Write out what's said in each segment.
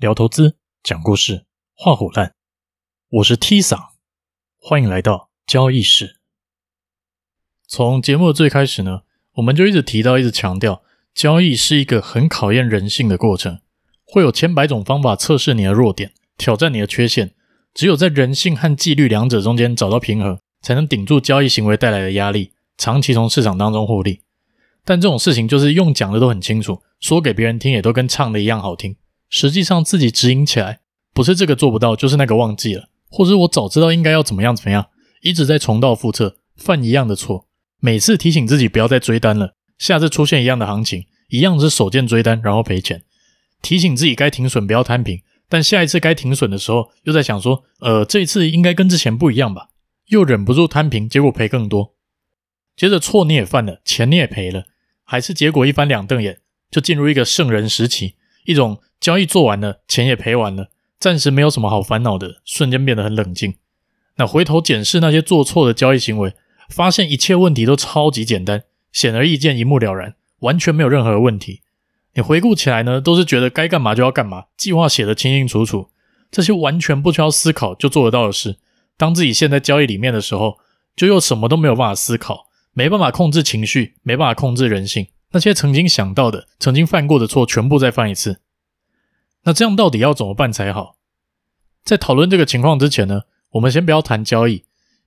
聊投資，講故事，話虎爛。我是 Tisa，歡迎來到交易事。從節目的最開始呢，我們就一直提到，一直強調，交易是一個很考驗人性的過程，會有千百種方法測試你的弱點，挑戰你的缺陷。只有在人性和紀律兩者中間找到平衡，才能頂住交易行為帶來的壓力，長期從市場當中獲利。但這種事情就是用講的都很清楚，說給別人聽也都跟唱的一樣好聽。實際上自己執行起來，不是這個做不到，就是那個忘記了，或者我早知道應該要怎麼樣怎麼樣，一直在重蹈覆轍，犯一樣的錯。每次提醒自己不要再追單了，下次出現一樣的行情，一樣是手賤追單然後賠錢。提醒自己該停損不要攤平，但下一次該停損的時候又在想說，呃，這一次應該跟之前不一樣吧，又忍不住攤平，結果賠更多。接着錯你也犯了，錢你也賠了，還是結果一翻兩瞪眼，就進入一個聖人時期，一種。交易做完了，錢也賠完了，暫時沒有什麼好煩惱的，瞬間變得很冷靜。那回頭檢視那些做錯的交易行為，發現一切問題都超級簡單，顯而易見，一目了然，完全沒有任何問題。你回顧起來呢，都是覺得該幹嘛就要幹嘛，計劃寫得清清楚楚，這些完全不需要思考就做得到的事。當自己陷在交易裡面的時候，就又什麼都沒有辦法思考，沒辦法控制情緒，沒辦法控制人性。那些曾經想到的，曾經犯過的錯，全部再犯一次。那這樣到底要怎麼辦才好？在討論這個情況之前呢，我們先不要談交易，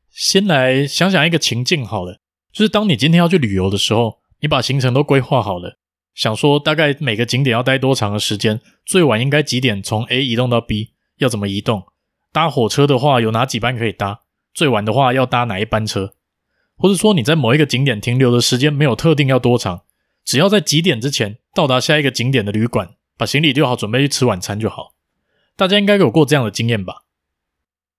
先來想想一個情境好了。就是當你今天要去旅遊的時候，你把行程都規劃好了，想說大概每個景點要待多長的時間，最晚應該幾點從 A 移動到 B，要怎麼移動？搭火車的話，有哪幾班可以搭？最晚的話要搭哪一班車？或者說你在某一個景點停留的時間沒有特定要多長，只要在幾點之前到達下一個景點的旅館。把行李丟好，準備去吃晚餐就好。大家應該有過這樣的經驗吧？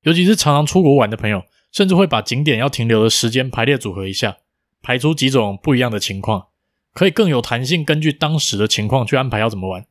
尤其是常常出國玩的朋友，甚至會把景點要停留的時間排列組合一下，排出幾種不一樣的情況，可以更有彈性，根據當時的情況去安排要怎麼玩。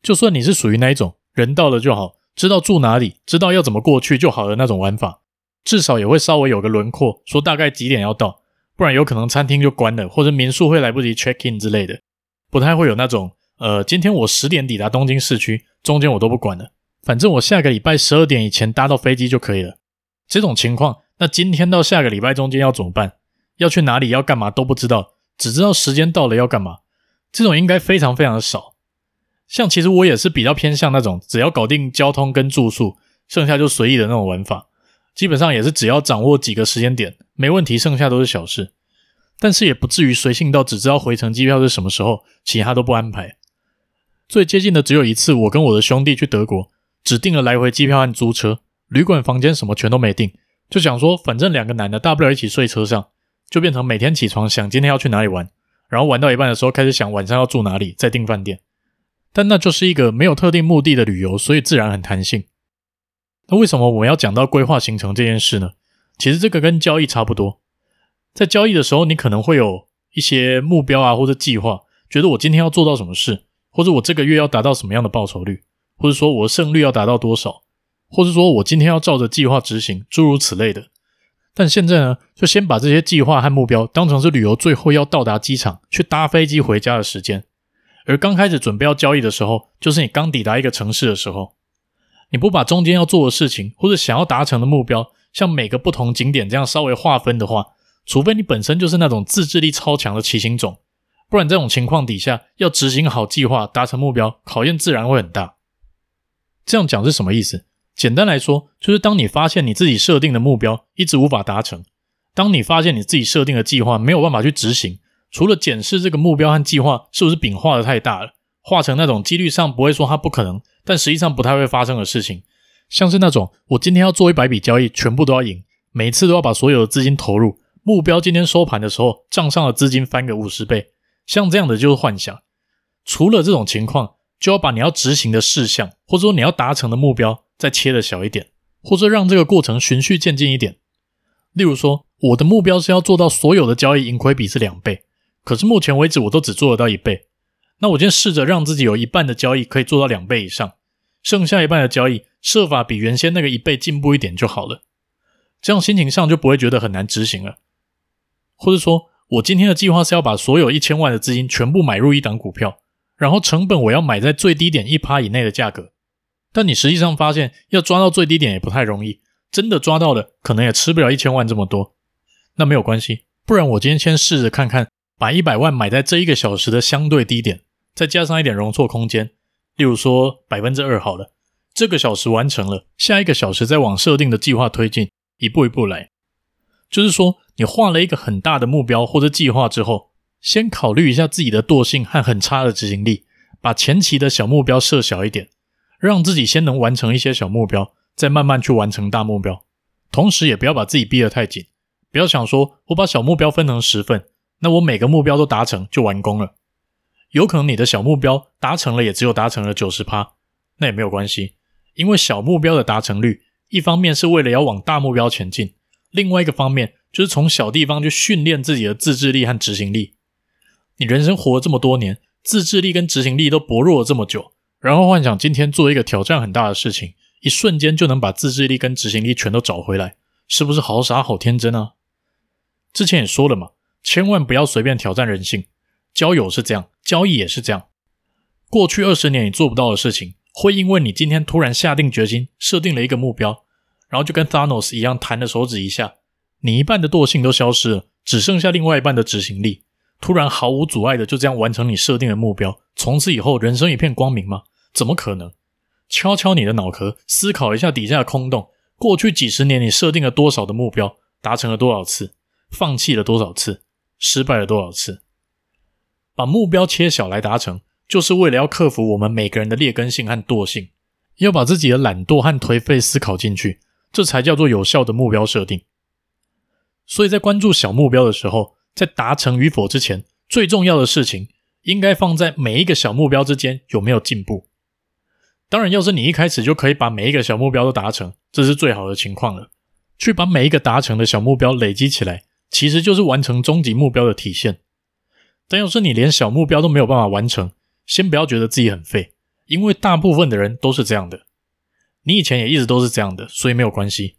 就算你是屬於那一種，人到了就好，知道住哪裡，知道要怎麼過去就好的那種玩法，至少也會稍微有個輪廓，說大概幾點要到，不然有可能餐廳就關了，或者民宿會來不及 check in 之類的，不太會有那種。呃，今天我十點抵達東京市區，中間我都不管了，反正我下個禮拜十二點以前搭到飛機就可以了。這種情況，那今天到下個禮拜中間要怎麼辦？要去哪裡，要幹嘛都不知道，只知道時間到了要幹嘛。這種應該非常非常的少。像其實我也是比較偏向那種，只要搞定交通跟住宿，剩下就隨意的那種玩法。基本上也是只要掌握幾個時間點，沒問題，剩下都是小事。但是也不至於隨性到只知道回程機票是什麼時候，其他都不安排。最接近的只有一次，我跟我的兄弟去德國，只訂了來回機票和租車、旅館房間，什麼全都沒訂，就想說反正兩個男的，大不了一起睡車上，就變成每天起床想今天要去哪裡玩，然後玩到一半的時候開始想晚上要住哪裡，再訂飯店。但那就是一個沒有特定目的的旅遊，所以自然很彈性。那為什麼我們要講到規劃行程這件事呢？其實這個跟交易差不多，在交易的時候，你可能會有一些目標啊或者計劃，覺得我今天要做到什麼事。或者我這個月要達到什麼樣的報酬率，或者說我的勝率要達到多少，或是說我今天要照着計劃執行，諸如此類的。但現在呢，就先把這些計劃和目標當成是旅遊最後要到達機場去搭飛機回家的時間。而剛開始準備要交易的時候，就是你剛抵達一個城市的時候，你不把中間要做的事情或者想要達成的目標，像每個不同景點這樣稍微劃分的話，除非你本身就是那種自制力超強的奇行種。不然，這種情況底下要執行好計劃、達成目標，考驗自然會很大。這樣講是什麼意思？簡單來說，就是當你發現你自己設定的目標一直無法達成，當你發現你自己設定的計劃沒有辦法去執行，除了檢視這個目標和計劃是不是餅畫的太大了，畫成那種幾率上不會說它不可能，但實際上不太會發生的事情，像是那種我今天要做一百筆交易，全部都要贏，每次都要把所有的資金投入，目標今天收盤的時候賬上的資金翻個五十倍。像這樣的就是幻想。除了這種情況，就要把你要執行的事項，或者說你要達成的目標，再切得小一點，或者讓這個過程循序漸進一點。例如說，我的目標是要做到所有的交易盈虧比是兩倍，可是目前為止我都只做得到一倍。那我就試着讓自己有一半的交易可以做到兩倍以上，剩下一半的交易設法比原先那個一倍進步一點就好了。這樣心情上就不會覺得很難執行了，或者說。我今天的計劃是要把所有一千萬的資金全部買入一檔股票，然後成本我要買在最低點一趴以內的價格。但你實際上發現要抓到最低點也不太容易，真的抓到的可能也吃不了一千萬這麼多。那沒有關係，不然我今天先試着看看，把一百萬買在這一個小時的相對低點，再加上一點容錯空間，例如說百分之二好了。這個小時完成了，下一個小時再往設定的計劃推進，一步一步來。就是說，你畫了一個很大的目標或者計劃之後，先考慮一下自己的惰性和很差的執行力，把前期的小目標設小一點，讓自己先能完成一些小目標，再慢慢去完成大目標。同時，也不要把自己逼得太緊，不要想說我把小目標分成十份，那我每個目標都達成就完工了。有可能你的小目標達成了，也只有達成了九十趴，那也沒有關係，因為小目標的達成率一方面是為了要往大目標前進。另外一個方面就是從小地方去訓練自己的自制力和執行力。你人生活了這麼多年，自制力跟執行力都薄弱了這麼久，然後幻想今天做一個挑戰很大的事情，一瞬間就能把自制力跟執行力全都找回來，是不是好傻好天真啊？之前也說了嘛，千萬不要隨便挑戰人性。交友是這樣，交易也是這樣。過去二十年你做不到的事情，會因為你今天突然下定決心，設定了一個目標，然後就跟 Thanos 一樣，彈了手指一下，你一半的惰性都消失了，只剩下另外一半的執行力，突然毫無阻礙的就這樣完成你設定的目標。從此以後人生一片光明嗎？怎麼可能？敲敲你的腦殼，思考一下底下的空洞。過去幾十年你設定了多少的目標，達成了多少次，放棄了多少次，失敗了多少次？把目標切小來達成，就是為了要克服我們每個人的劣根性和惰性，要把自己的懶惰和頹廢思考進去。這才叫做有效的目標設定。所以在關注小目標的時候，在達成與否之前，最重要的事情應該放在每一個小目標之間有沒有進步。當然，要是你一開始就可以把每一個小目標都達成，這是最好的情況了。去把每一個達成的小目標累積起來，其實就是完成終極目標的體現。但要是你連小目標都沒有辦法完成，先不要覺得自己很廢，因為大部分的人都是這樣的。你以前也一直都是這樣的，所以沒有關係。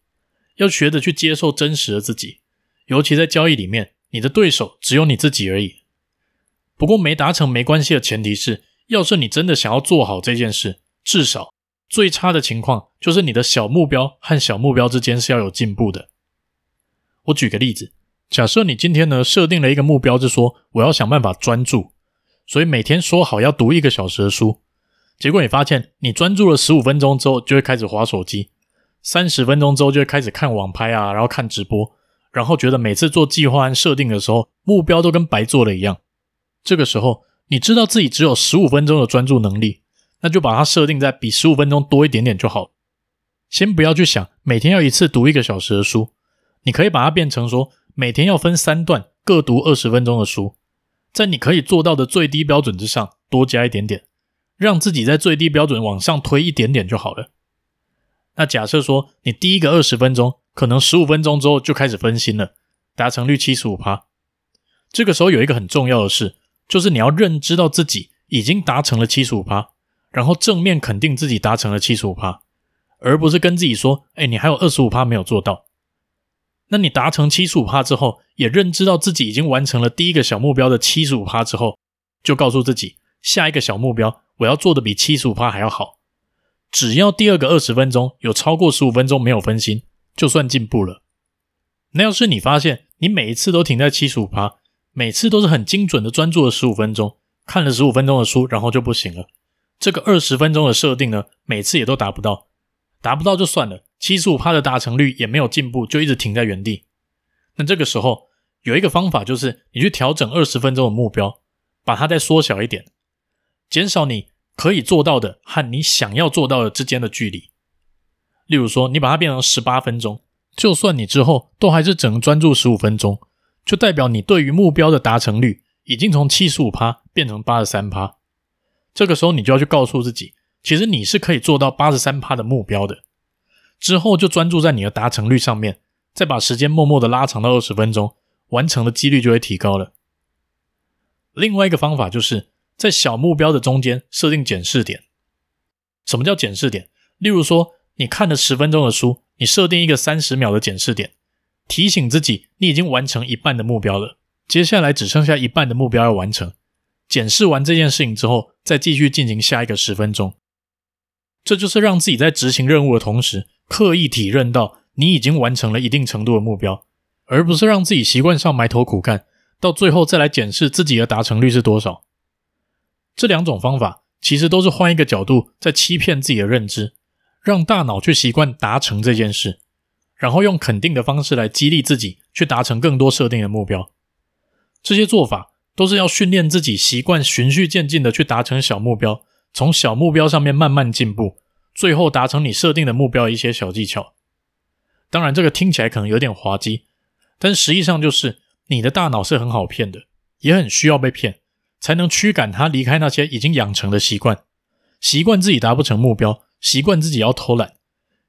要學着去接受真實的自己，尤其在交易裡面，你的對手只有你自己而已。不過沒達成沒關係的前提是，要是你真的想要做好這件事，至少最差的情況就是你的小目標和小目標之間是要有進步的。我舉個例子，假設你今天呢設定了一個目標是說，就說我要想辦法專注，所以每天說好要讀一個小時的書。結果你發現，你專注了十五分鐘之後，就會開始滑手機；三十分鐘之後，就會開始看網拍啊，然後看直播，然後覺得每次做計劃和設定的時候，目標都跟白做了一樣。這個時候，你知道自己只有十五分鐘的專注能力，那就把它設定在比十五分鐘多一點點就好。先不要去想每天要一次讀一個小時的書，你可以把它變成說每天要分三段各讀二十分鐘的書，在你可以做到的最低標準之上多加一點點。讓自己在最低標準往上推一點點就好了。那假設說你第一個二十分鐘可能十五分鐘之後就開始分心了，達成率七十五趴。這個時候有一個很重要的事，就是你要認知到自己已經達成了七十五趴，然後正面肯定自己達成了七十五趴，而不是跟自己說：“欸，你還有二十五趴沒有做到。”那你達成七十五趴之後，也認知到自己已經完成了第一個小目標的七十五趴之後，就告訴自己下一個小目標。我要做得比七十五趴還要好。只要第二個二十分鐘有超過十五分鐘沒有分心，就算進步了。那要是你發現你每一次都停在七十五趴，每次都是很精準的專注了十五分鐘，看了十五分鐘的書，然後就不行了。這個二十分鐘的設定呢，每次也都達不到，達不到就算了，七十五趴的達成率也沒有進步，就一直停在原地。那這個時候有一個方法，就是你去調整二十分鐘的目標，把它再縮小一點，減少你。可以做到的和你想要做到的之間的距離，例如說，你把它變成十八分鐘，就算你之後都還是只能專注十五分鐘，就代表你對於目標的達成率已經從七十五趴變成八十三趴。這個時候，你就要去告訴自己，其實你是可以做到八十三趴的目標的。之後就專注在你的達成率上面，再把時間默默的拉長到二十分鐘，完成的幾率就會提高了。另外一個方法就是。在小目標的中間設定檢視點，什麼叫檢視點？例如說，你看了十分鐘的書，你設定一個三十秒的檢視點，提醒自己你已經完成一半的目標了，接下來只剩下一半的目標要完成。檢視完這件事情之後，再繼續進行下一個十分鐘。這就是讓自己在執行任務的同時，刻意體認到你已經完成了一定程度的目標，而不是讓自己習慣上埋頭苦幹，到最後再來檢視自己的達成率是多少。這兩種方法其實都是換一個角度在欺騙自己的認知，讓大腦去習慣達成這件事，然後用肯定的方式來激勵自己去達成更多設定的目標。這些做法都是要訓練自己習慣循序漸進的去達成小目標，從小目標上面慢慢進步，最後達成你設定的目標一些小技巧。當然這個聽起來可能有點滑稽，但實際上就是你的大腦是很好騙的，也很需要被騙。才能驅趕他離開那些已經養成的習慣，習慣自己達不成目標，習慣自己要偷懶。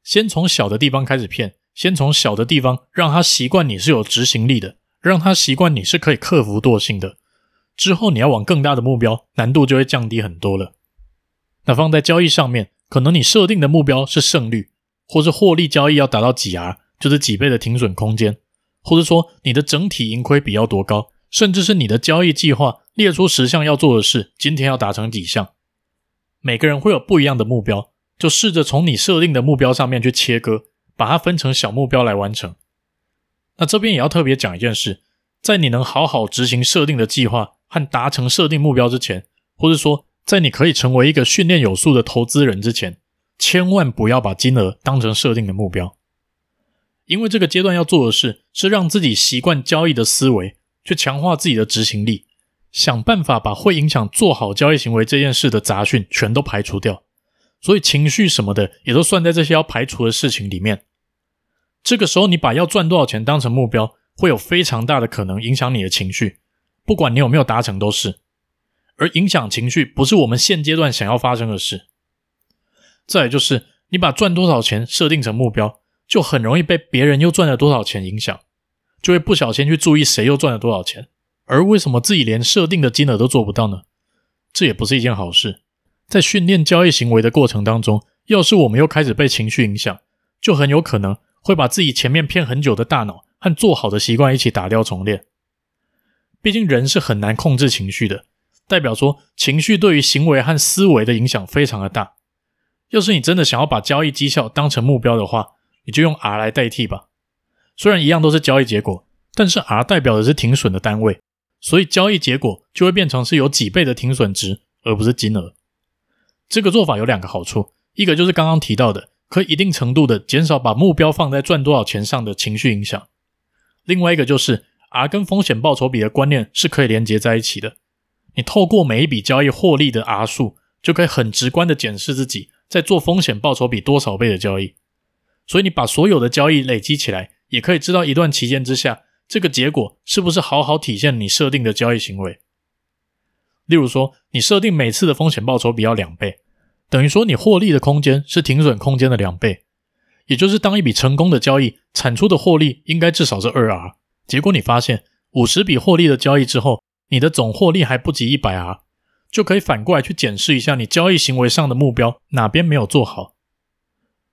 先從小的地方開始騙，先從小的地方讓他習慣你是有執行力的，讓他習慣你是可以克服惰性的。之後你要往更大的目標，難度就會降低很多了。那放在交易上面，可能你設定的目標是勝率，或是獲利交易要達到幾 R，就是幾倍的停損空間，或者說你的整體盈虧比要多高。甚至是你的交易計劃，列出十項要做的事，今天要達成幾項。每個人會有不一樣的目標，就試着從你設定的目標上面去切割，把它分成小目標來完成。那這邊也要特別講一件事，在你能好好執行設定的計劃和達成設定目標之前，或是說在你可以成為一個訓練有素的投資人之前，千萬不要把金額當成設定的目標，因為這個階段要做的事是讓自己習慣交易的思維。去強化自己的執行力，想辦法把會影響做好交易行為這件事的雜訊全都排除掉。所以情緒什麼的也都算在這些要排除的事情裡面。這個時候你把要賺多少錢當成目標，會有非常大的可能影響你的情緒，不管你有沒有達成都是。而影響情緒不是我們現階段想要發生的事。再來就是你把賺多少錢設定成目標，就很容易被別人又賺了多少錢影響。就會不小心去注意誰又賺了多少錢，而為什麼自己連設定的金額都做不到呢？這也不是一件好事。在訓練交易行為的過程當中，要是我們又開始被情緒影響，就很有可能會把自己前面騙很久的大腦和做好的習慣一起打掉重練。畢竟人是很難控制情緒的，代表說情緒對於行為和思維的影響非常的大。要是你真的想要把交易績效當成目標的話，你就用 R 來代替吧。雖然一樣都是交易結果，但是 R 代表的是停損的單位，所以交易結果就會變成是有幾倍的停損值，而不是金額。這個做法有兩個好處，一個就是剛剛提到的，可以一定程度的減少把目標放在賺多少錢上的情緒影響。另外一個就是 R 跟風險報酬比的觀念是可以連接在一起的。你透過每一筆交易獲利的 R 數，就可以很直觀的檢視自己在做風險報酬比多少倍的交易。所以你把所有的交易累積起來。也可以知道一段期間之下，這個結果是不是好好體現你設定的交易行為。例如說，你設定每次的風險報酬比要兩倍，等於說你獲利的空間是停損空間的兩倍，也就是當一筆成功的交易產出的獲利應該至少是二 R。結果你發現五十筆獲利的交易之後，你的總獲利還不及一百 R，就可以反過來去檢視一下你交易行為上的目標哪邊沒有做好。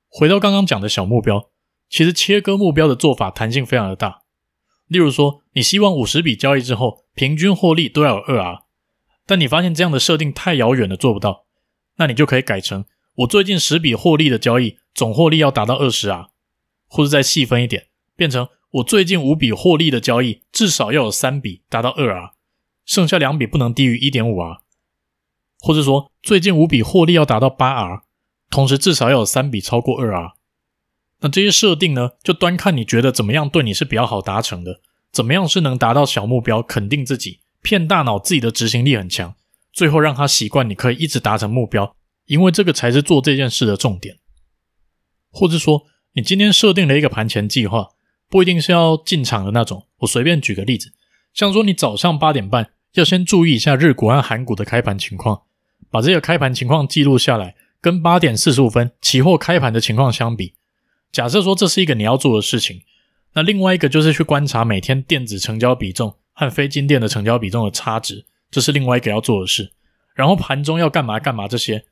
回到剛剛講的小目標。其實切割目標的做法彈性非常的大，例如說，你希望五十筆交易之後平均獲利都要有二 R，但你發現這樣的設定太遙遠了，做不到，那你就可以改成我最近十筆獲利的交易總獲利要達到二十 R，或者再細分一點，變成我最近五筆獲利的交易至少要有三筆達到二 R，剩下兩筆不能低於一點五 R，或者說最近五筆獲利要達到八 R，同時至少要有三筆超過二 R。那這些設定呢，就端看你覺得怎麼樣對你是比較好達成的，怎麼樣是能達到小目標，肯定自己騙大腦自己的執行力很強，最後讓他習慣，你可以一直達成目標，因為這個才是做這件事的重點。或者說，你今天設定了一個盤前計劃，不一定是要進場的那種。我隨便舉個例子，像說你早上八點半要先注意一下日股和韓股的開盤情況，把這個開盤情況記錄下來，跟八點四十五分期貨開盤的情況相比。假設說，這是一個你要做的事情，那另外一個就是去觀察每天電子成交比重和非金電的成交比重的差值，這是另外一個要做的事。然後盤中要幹嘛幹嘛這些，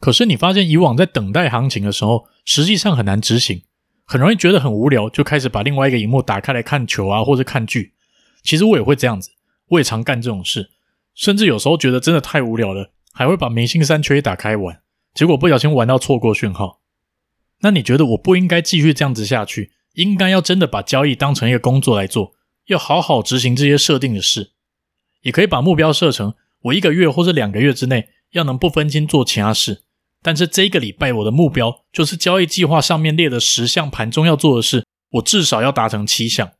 可是你發現以往在等待行情的時候，實際上很難執行，很容易覺得很無聊，就開始把另外一個熒幕打開來看球啊，或者看劇。其實我也會這樣子，我也常幹這種事，甚至有時候覺得真的太無聊了，還會把明星三缺一打開玩，結果不小心玩到錯過訊號。那你覺得我不應該繼續這樣子下去，應該要真的把交易當成一個工作來做，要好好執行這些設定的事。也可以把目標設成，我一個月或者兩個月之內，要能不分心做其他事。但是這一個禮拜我的目標，就是交易計劃上面列的十項盤中要做的事，我至少要達成七項。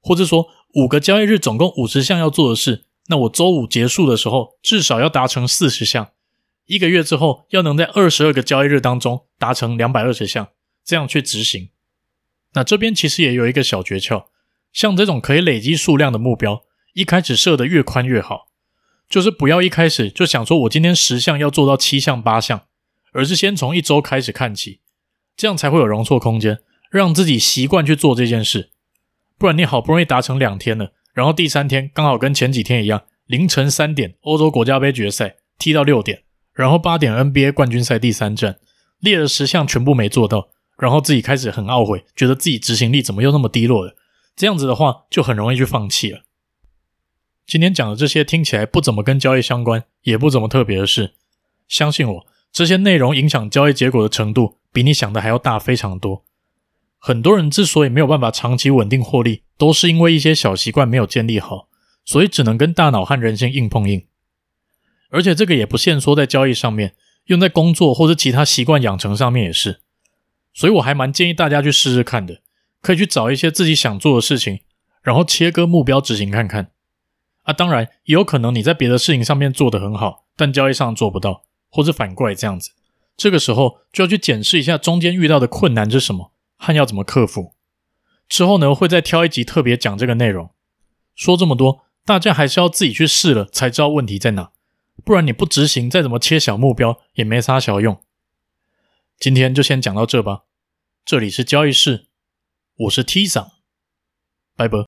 或者說，五個交易日總共五十項要做的事，那我周五結束的時候，至少要達成四十項。一個月之後，要能在二十二個交易日當中達成兩百二十項，這樣去執行。那這邊其實也有一個小訣竅，像這種可以累積數量的目標，一開始設得越寬越好，就是不要一開始就想說我今天十項要做到七項八項，而是先從一周開始看起，這樣才會有容錯空間，讓自己習慣去做這件事。不然你好不容易達成兩天了，然後第三天剛好跟前幾天一樣，凌晨三點歐洲國家盃決賽踢到六點。然後八點 NBA 冠軍賽第三戰，列了十項全部沒做到，然後自己開始很懊悔，覺得自己執行力怎麼又那麼低落了？這樣子的話就很容易去放棄了。今天講的這些聽起來不怎麼跟交易相關，也不怎麼特別的事，相信我，這些內容影響交易結果的程度比你想的還要大非常多。很多人之所以沒有辦法長期穩定獲利，都是因為一些小習慣沒有建立好，所以只能跟大腦和人性硬碰硬。而且這個也不限說在交易上面，用在工作或者其他習慣養成上面也是。所以，我還蠻建議大家去試試看的，可以去找一些自己想做的事情，然後切割目標執行看看。啊，當然也有可能你在別的事情上面做得很好，但交易上做不到，或者反過來這樣子。這個時候就要去檢視一下中間遇到的困難是什麼，和要怎麼克服。之後呢，會再挑一集特別講這個內容。說這麼多，大家還是要自己去試了才知道問題在哪。不然你不執行，再怎麼切小目標也沒啥小用。今天就先講到這吧。這裡是交易事，我是 T 漲，拜拜。